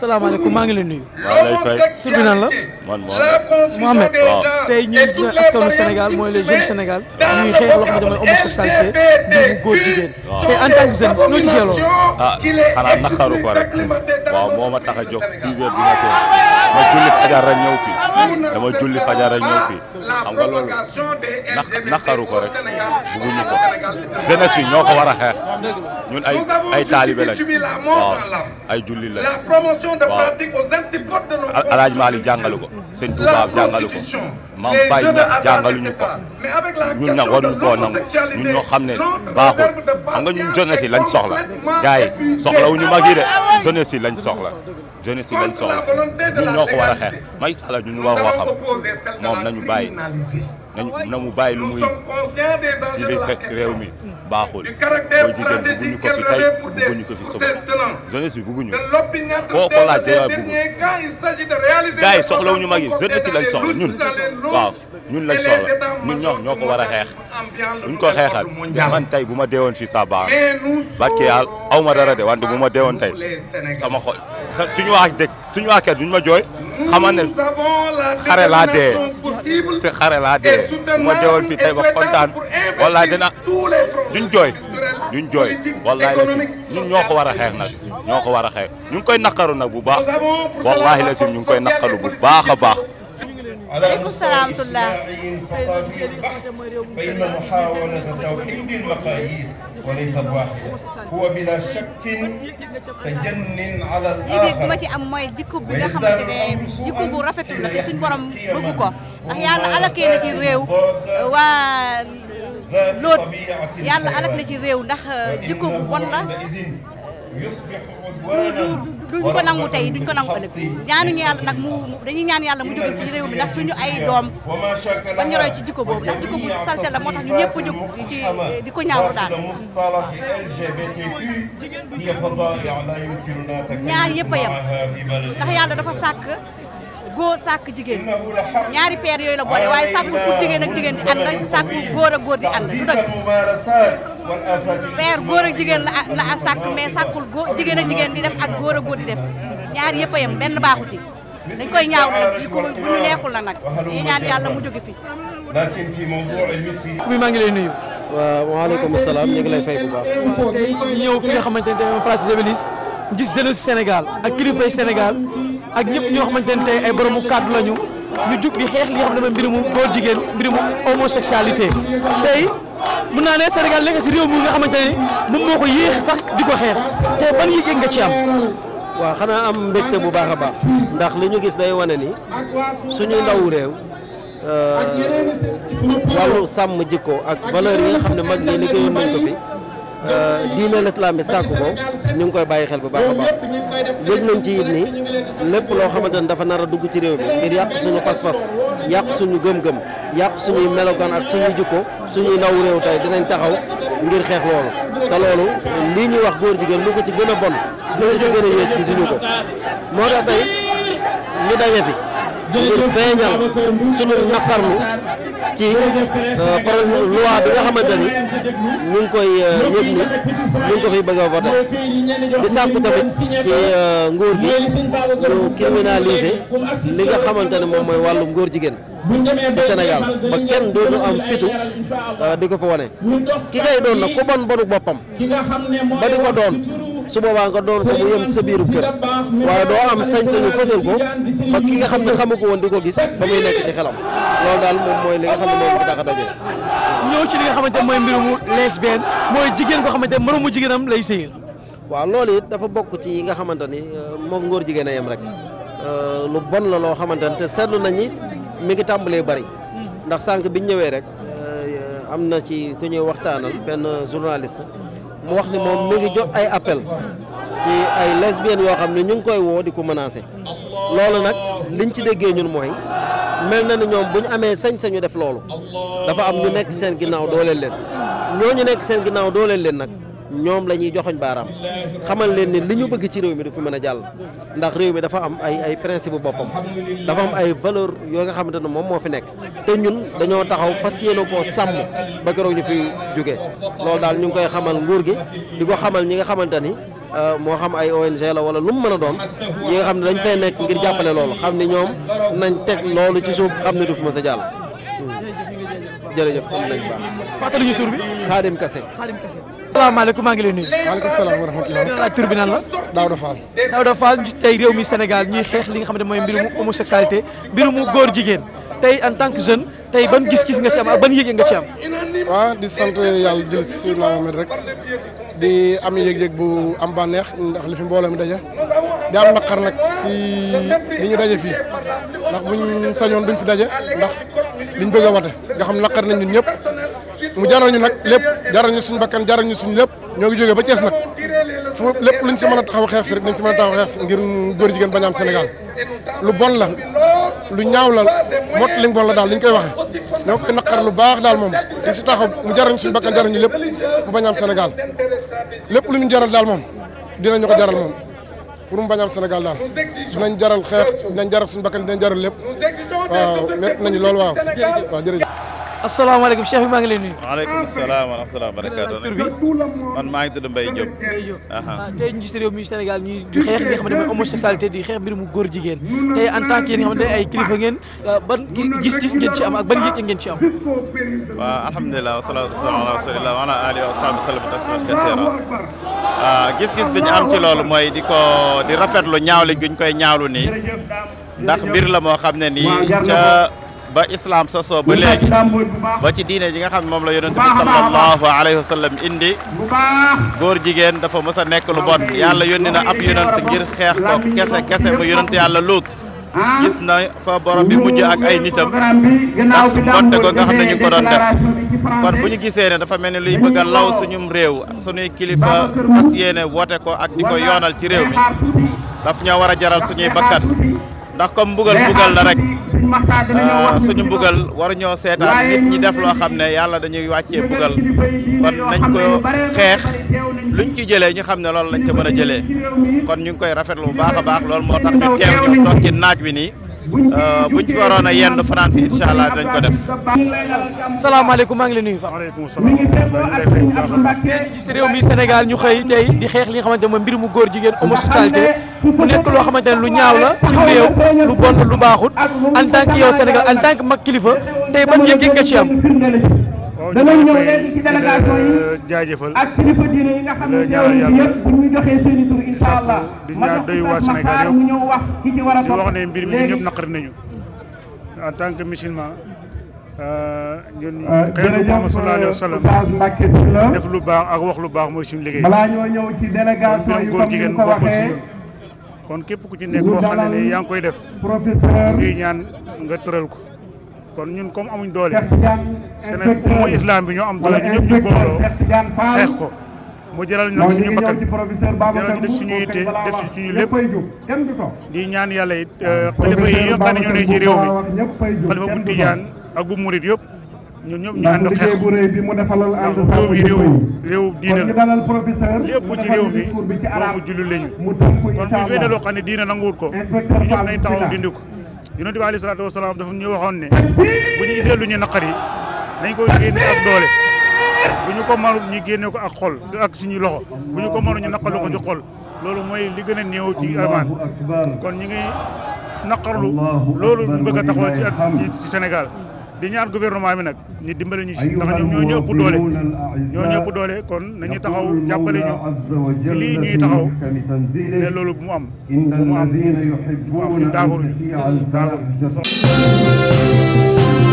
salaamaaleykum maa ngi leen nuyu. maa lay fay tur bi nan la. man Mohamed tey ñuy askanu Sénégal mooy les jeunes Sénégal ñuy xeex loo xam ne mooy homosexualité di góor jigéen. tey en tant que jeune noo gisee loolu. ah xanaa naqaru ko rek. waaw moo ma tax a jóg 6 heures du matin ma julli fajar rek ñëw fii dama julli fajar rek ñëw fii xam nga loolu na naqaru ko rek bugguñu ko. jeunesse bi ñoo ko war a xeex ñun ay ay taalibe lañ waaw ay julli lañ. institution de pratique aux antipodes de nos constitutions. Alaaji Maalik jàngalu ko sëñ Tuubaa ko Maam Baay Ñas jàngaluñu ko nangu ñun ñoo xam ne baaxul xam nga ñun lañ soxla gars yi soxlawuñu mag yi de ah lañ soxla jeunesse yi lañ soxla ñun ñoo ko war a xeex Macky Sall ñun ñu war koo moom nañu bàyyi nañu na mu bàyyi lu muy li muy fekk réew mi baaxul mooy jigéen bugguñu ko fi tey ko fi suba jeunesse bi bugguñu koo ko laaj day bugg gars yi soxlawuñu mag yi jeunesse yi lañ soxla ñun waaw ñun lañ soxla ñun ñoom ñoo ko war a xeex buñ ko xeexal man tey bu ma deewoon fii sa baax barke yàlla aw ma dara de wante bu ma deewoon tey sama xol suñu wax dëgg suñu waxee duñ ma jooy xamal ne xare laa dee. si xare laa dee ma deewoon fii tey ba kontaan wallaay dina duñ jooy duñ jooy wallaay la ñun ñoo ko war a xeex ñoo ko war a ñu ngi koy naqaru nag bu baax wallahi la ñu ngi koy naqaru bu baax a baax وليس بواحدا هو بلا شك تجن على الآخر idée bi ma ci am mooy jikko bi nga xamante ne jikko bu rafetul la te suñu borom bëgg ko ndax yàlla alakee na ci réew waa loot yàlla alak na ci réew ndax jikko bu bon la du du duñ ko nangu tey duñ ko nangu ëllëg ñaanuñu yàlla nag mu dañuy ñaan yàlla mu jóge ci réew mi ndax suñu ay doom jikko boobu ndax jikko la moo tax ñu ñëpp jóg di ci di ko ñaawlu daal ñaar yëpp a yem ndax yàlla dafa sàkk góor sàkk jigéen ñaari peer yooyu la boole waaye sàkkul pour jigéen ak jigéen di ànd sàkkul góor ak góor di ànd du dëgg père góor ak jigéen la la sàkk mais sàkkul góor jigéen ak jigéen di def ak góor ak góor di def ñaar yëpp a yem benn baaxu ci dañ koy ñaaw nag ko bu ñu neexul la nag dañuy ñaan yàlla mu jóge fi bi maa ngi lay nuyu waaw waaleykum salaam ñu ngi lay fay bu ñëw fi nga xamante ne tey place de l'Obélisque gis jeunesse Sénégal ak kilifay Sénégal ak ñëpp ñoo xamante ne tey ay boromu kàddu lañu ñu jug di xeex li nga xam ne mooy mbirumu góor jigéen mbirumu homosexualité tey mun naa ne Sénégal nekk si réew mi nga xamante ne moom moo ko yéex sax di ko xeex te ban yëg-yëg nga ci am. waa xanaa am mbëgte bu baax a baax ndax li ñu gis day wane ni suñu ndaw réew euh, wàllu sàmm jikko ak valeur yi nga xam ne mag ñi liggéeyoon nañ ko fi euh, diine lislaam bi ko ñu ngi koy bàyyi xel bu baax a baax yëg nañ ci it ni lépp loo xamante ne dafa nar a dugg ci réew bi ngir yàq suñu pas-pas yàq suñu gëm-gëm yàq suñuy melokaan ak suñu jikko suñuy ndaw réew tey dinañ taxaw ngir xeex loolu te loolu li ñuy wax góor jigéen lu ko ci gën a bon lu ko ci gën a yées gisuñu ko moo tax tey ñu daje fi ngir feeñal suñu naqarlu ci euh, projet loi bi nga xamante ni ñu ngi koy euh, yëg ni ñu ngi ko fiy bëgg a voté di sàkku tamit ci euh, nguur gi ñu criminaliser li nga xamante ne moom mooy wàllu ngóor jigéen ci Sénégal ba kenn dootu am fitu di ko fa wane ki kay doon nag ku bon bonu boppam ba di ko doon su boobaa nga doon ko mu yem ci sa biiru kër waaye doo am sañ-sañu fësal ko ba ki nga xam ne xamu ko woon di ko gis ba muy nekk ci xelam loolu daal moom mooy li nga xam ne moom dafa daje. ñëw ci li nga xamante ne mooy mbirumu lesbienne mooy jigéen koo xamante ne moromu jigéenam lay waaw loolu it dafa bokk ci yi nga xamante ni euh, moom ngóor jigéen a yem rek euh, lu bon la loo xamante ne te seetlu nañu mi ngi tàmbalee bari ndax sànq biñ ñëwee rek euh, am na ci ku ñuy waxtaanal benn journaliste. wax ni moom mu ngi jot ay appel ci ay lesbiennes yoo xam ne ñu ngi koy woo di ko menacer loolu nag liñ ci déggee ñun mooy mel na ni ñoom bu ñu amee sañ-sañu def loolu dafa am ñu nekk seen ginnaaw dooleel leen ñu nekk seen ginnaaw dooleel leen nag. ñoom la ñuy joxoñ baaraam xamal leen ne li ñu bëgg ci réew mi dafa mën a jàll ndax réew mi dafa am ay ay principe boppam dafa am ay valeur yoo nga xamante ne moom moo fi nekk te ñun dañoo taxaw fas yéene koo sàmm ba keroog fi jóge loolu daal ñu ngi koy xamal nguur gi di ko xamal ñi nga xamante ni euh, moo xam ay ONG la wala lu mu mën a doon ñi nga xam ne dañ fay nekk ngir jàppale loolu xam ne ñoom nañ teg loolu ci suuf xam ne du fi mës a jàll hmm. jërëjëf sant nañ baax fàttali ñu tur bi Xaadim Kase salaamaaleykum maa ngi leen nuyu. maaleykum salaam wa rahmatulah. ak tur bi nan la. Daouda Fall. Daouda Fall tey réew mi Sénégal ñuy xeex li nga xam ne mooy mbirum homosexualité mbirum góor jigéen tey en tant que jeune tey ban gis-gis nga ci am ak ban yëg-yëg nga ci am. waaw di sant yàlla jël si Seydina Mohamed rek di am yëg-yëg bu am bànneex ndax li fi mbooloo mi daje di am naqar nag si li ñu daje fi ndax buñ sañoon duñ fi daje ndax liñ bëgg a wate nga xam naqar nañ ñun ñëpp. mu jaral ñu nag lépp jaral ñu suñ bakkan jaral ñu suñu lépp ñoo ngi jógee ba Thiès nag fu lépp luñ si mën a taxaw xeex si rek nañ si a taxaw xeex ngir góor jigéen bañ a am lu bon la lu ñaaw la mot li bon la daal li koy waxee ñoo koy naqar lu baax daal moom di si taxaw mu jaral ñu suñu bakkan jaral ñu lépp mu bañ a am lépp lu ñu jaral daal moom dinañu ko jaral moom pour mu bañ a am su nañ dinañ jaral xeex dinañ jaral suñu bakkan dinañ jaral lépp waaw métti nañu lool asalaamaaleykum cheikh bi maa ngi lay nuyu. waaleykum salaam wa rahmatulah wa barakaatu. tur bi man maa ngi tudd Mbaye Diop. Mbaye Diop ah, tey ñu gis réew mi Sénégal ñuy di xeex li nga xam ne mooy homosexualité di xeex mbir mu góor jigéen tey en tant que yéen nga xam ne ay kilifa ngeen ah, ban gis-gis ngeen ci am ak ban yëg ngeen ci am. waaw alhamdulilah wasalaatu wasalaamu ala rasulillah wa ala alihi wa sahbihi sallam tasliman kasiira ah, gis-gis bi ñu am ci loolu mooy di ko di rafetlu ñaawli guñ koy ñaawlu nii ndax mbir la moo xam ne nii ca ba islaam sosoo ba léegi ba ci diine ji nga xam ne moom la yonent bi sallallahu alayhi wa indi góor jigéen dafa mës a nekk lu bon yàlla yónni na ab yonent ngir xeex ko kese kese mu yonent yàlla luut ah. gis na fa borom bi mujj ak ay nitam ndax mbonte ko nga xam ne ñu ko doon def kon bu ñu gisee ne dafa mel ni luy bëgg a law suñum réew su ñuy kilifa fas yéene woote ko ak di ko yoonal ci réew mi daf ñoo war a jaral suñuy bakkan ndax comme mbugal Ah, suñu mbugal waruñoo seetaan nit ñi def loo xam ne yàlla dañuy wàccee mbugal kon nañ ko xeex luñ ci jëlee ñu xam ne loolu lañ ca mën a jëlee kon ñu ngi koy rafetlu bu baax a baax lool moo tax ñu teew ñu toog ci naaj wi nii Euh, buñ fi waroon a yendu fanaan fi incha dañ ko def. salaamaaleykum maa ngi lay nuyu. waaleykum salaam. ngeen gis réew mi ñu xëy di xeex li nga xamante ne mooy mbir mu góor jigéen homosexualité mu nekk loo xamante ne lu ñaaw la ci réew lu bon lu baaxut en tant que yow Sénégal en tant mag kilifa tey ban yëg-yëg nga ci am. danañ ñëw léegi ci délégation yi jaajëfal ak kilifa diine yi nga nañ Sénégal yëpp mu ñëw wax ki wax ne mbir mi ñëpp naqari nañu en tant que musulman euh, ñun euh, xëy na lu baax ak wax lu baax mooy suñu liggéey balaa ñoo ñëw ci délégation kon képp ku ci nekk boo xam ne yaa ngi koy def professeur ngi ñaan nga tëral ko kon ñun comme amuñ doole Sénégal mooy islam bi ñoo am doole ñu ñëpp ñu booloo xeex ko mu jëral ñu nag suñu bakkan jëral ñu def suñu yitte def ci suñu lépp di ñaan yàlla it euh, yi nga xam ne ne ci réew mi xalifa bu tijaan ak bu murit yëpp ñun ñëpp ñu ànd xeex ko ndax réew mi réew réew diine la lépp ci réew mi doomu jullit lañu kon bu fee ne loo xam ne diine nanguwut ko ñu ñëpp nañ taxaw dindi ko yonent bi alayhi salaatu wasalaam dafa ñu waxoon ne bu ñu gisee lu naqari nañ ko génne ak doole bu ñu ko mënul ñu génne ko ak xol ak suñu loxo bu ñu ko mënul ñu naqalu ko ci xol loolu mooy li gën a néew ci amaan kon ñu ngi naqarlu loolu ñu bëgg a ci Sénégal di ñaan gouvernement bi nag ñu dimbali ñu si ndax ñoom ñoo ñu ëpp doole ñoo ñu ëpp doole kon nañu taxaw jàppale ñu ci lii ñuy taxaw ne loolu bu mu am bu mu am bu mu am ñu daaguruñu